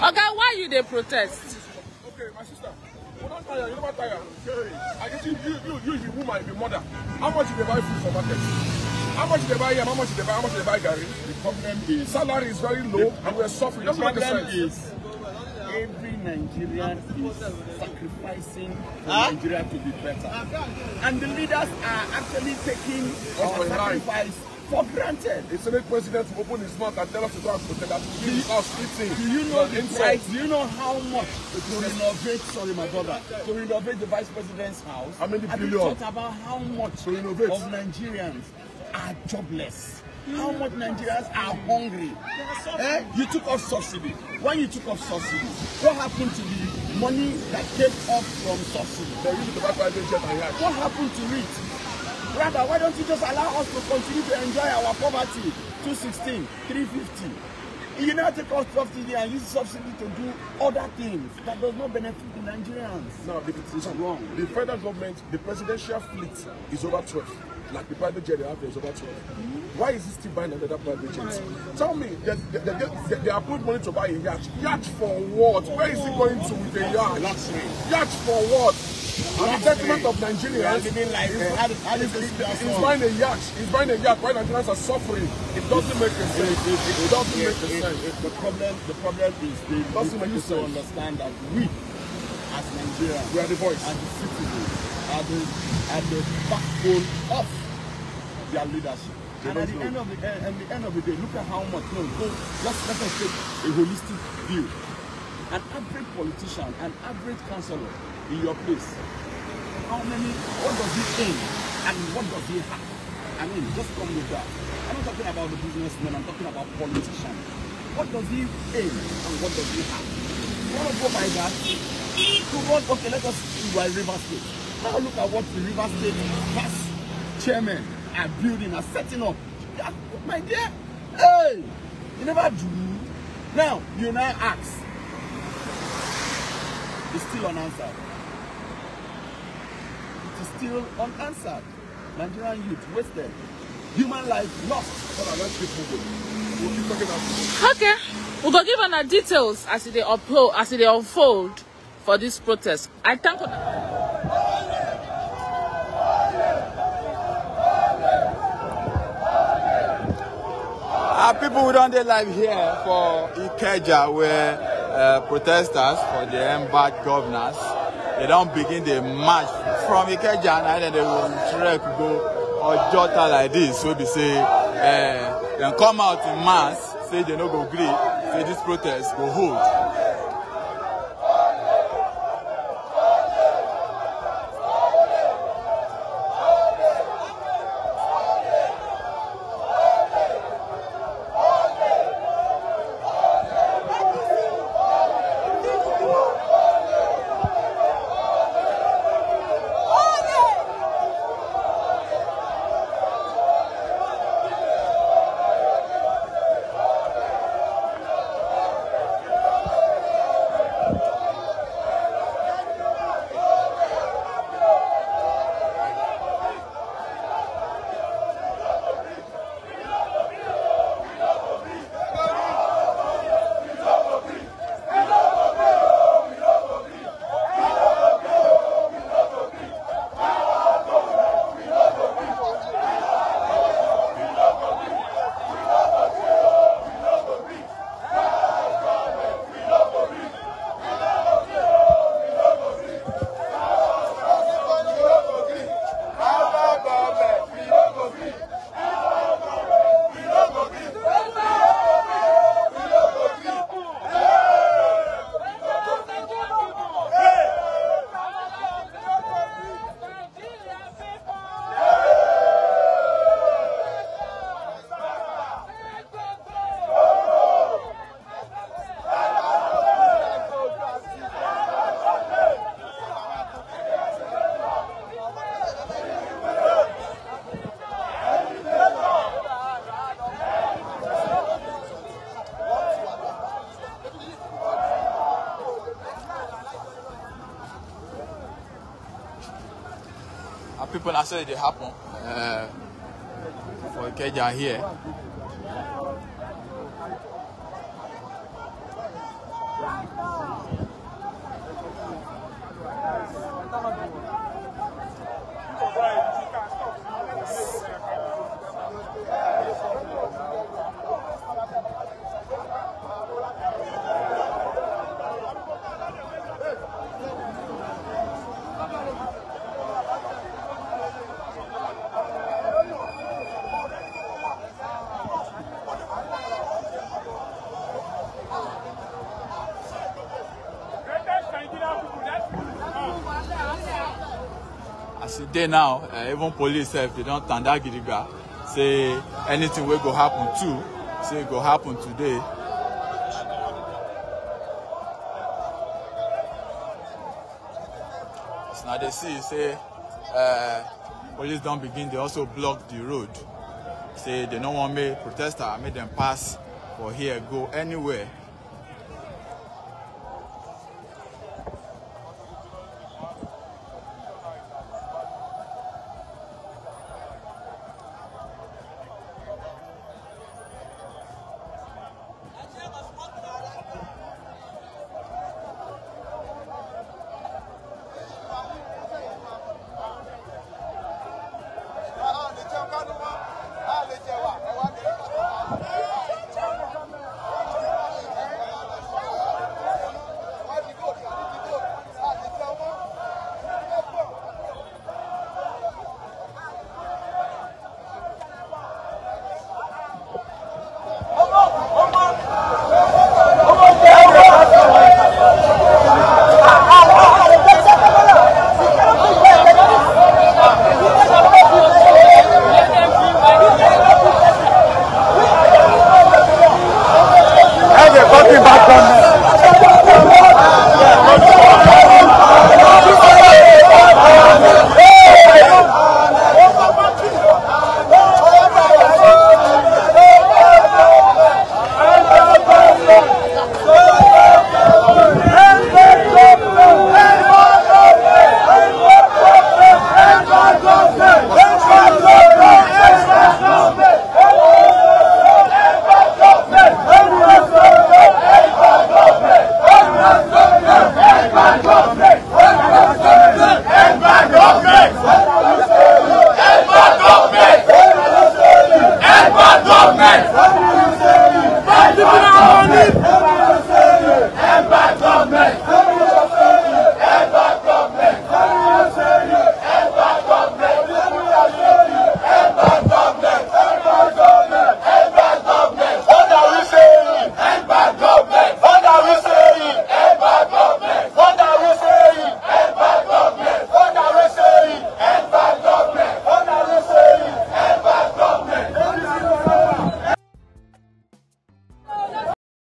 oga why you dey protest okay my sister you don tire you never tire i get you you you you woman be mother how much you dey buy food for market how much you dey buy yam how much you dey buy how much you dey buy garri the problem is salary is very low and we are suffering that's why the is every nigerian is sacrificing for nigeria to be better and the leaders are actually taking our sacrifice for granted. The Senate president to open his mouth and tell us to go and protect that. Do you, us eating. Do you know the price? Do you know how much to renovate? Sorry, my brother. To renovate the vice president's house. How many billion? Have you thought about how much of Nigerians are jobless? How much Nigerians are hungry? Eh? You took off subsidy. When you took off subsidy, what happened to the money that came off from subsidy? What happened to it? Brother, why don't you just allow us to continue to enjoy our poverty? 216, 350. You now take us subsidy and use subsidy to do other things that does not benefit the Nigerians. No, the, is wrong. The federal government, the presidential fleet is over 12. Like the private jet they have is over 12. Why is he still buying another private jet? Tell me, they, they, they, they, they are putting money to buy a yacht. Yacht for what? Where is he going to with the yacht? Yacht for what? on the detriment of Nigerians he's uh, buying a yacht, he's buying a yacht while Nigerians are suffering. It doesn't make sense. It doesn't make sense. The problem, the problem is the doesn't make sense. understand that we, as Nigerians, we are the voice, and the citizens, are the are the backbone of their leadership. And at the end of the, eh, at the end of the day, look at how much. No, go. Let's us take a holistic view an average politician, an average councillor in your place, how many, what does he aim and what does he have? I mean, just come with that. I'm not talking about the businessman, I'm talking about politician. What does he aim and what does he have? You want to go by that? To what, okay, let us see by River State. Now look at what the River State past chairman are building, are setting up. my dear, hey, you never do. Now, you now ask, is still unanswered. It is still unanswered. Nigerian youth wasted. Human life lost. We'll keep talking about Okay. We go give our details as they upload, as they unfold for this protest. I thank Our people we don't live here for Ikeja where uh, protesters for the embark governors. They don't begin the march from Ikeja and then they will trek go or Jota like this. So they say, uh, then come out in mass, say they no go agree, say this protest go hold. people na so e dey happen uh, for Ikeja here. dey now uh, even police if they don't stand tanda Giriga, say anything will go happen too say go happen today na they see say uh, police don't begin They also block the road say they don't want me protester. I made them pass for here go anywhere